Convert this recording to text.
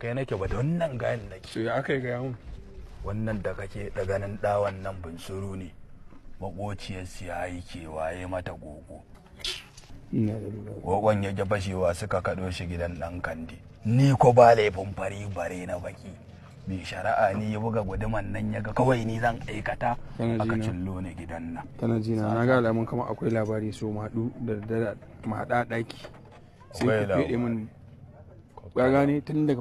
kai nake ba da wannan gayan nake ke. ya aka yi wannan da kake da ganin dawan nan bunsuru ne makociyar siyayi ke waye mata gogo gogon ya ji fashewa suka kado shi gidan ɗan kandi ni ko ba laifin fari bare na baki mai shari'a ne ya buga guduman nan ya ga kawai ni zan aikata aka cillo ni gidan nan tana jina na ga alamun kama akwai labari so madu da daddare ma haɗa ɗaki sai ka fiɗe min ya gane tun daga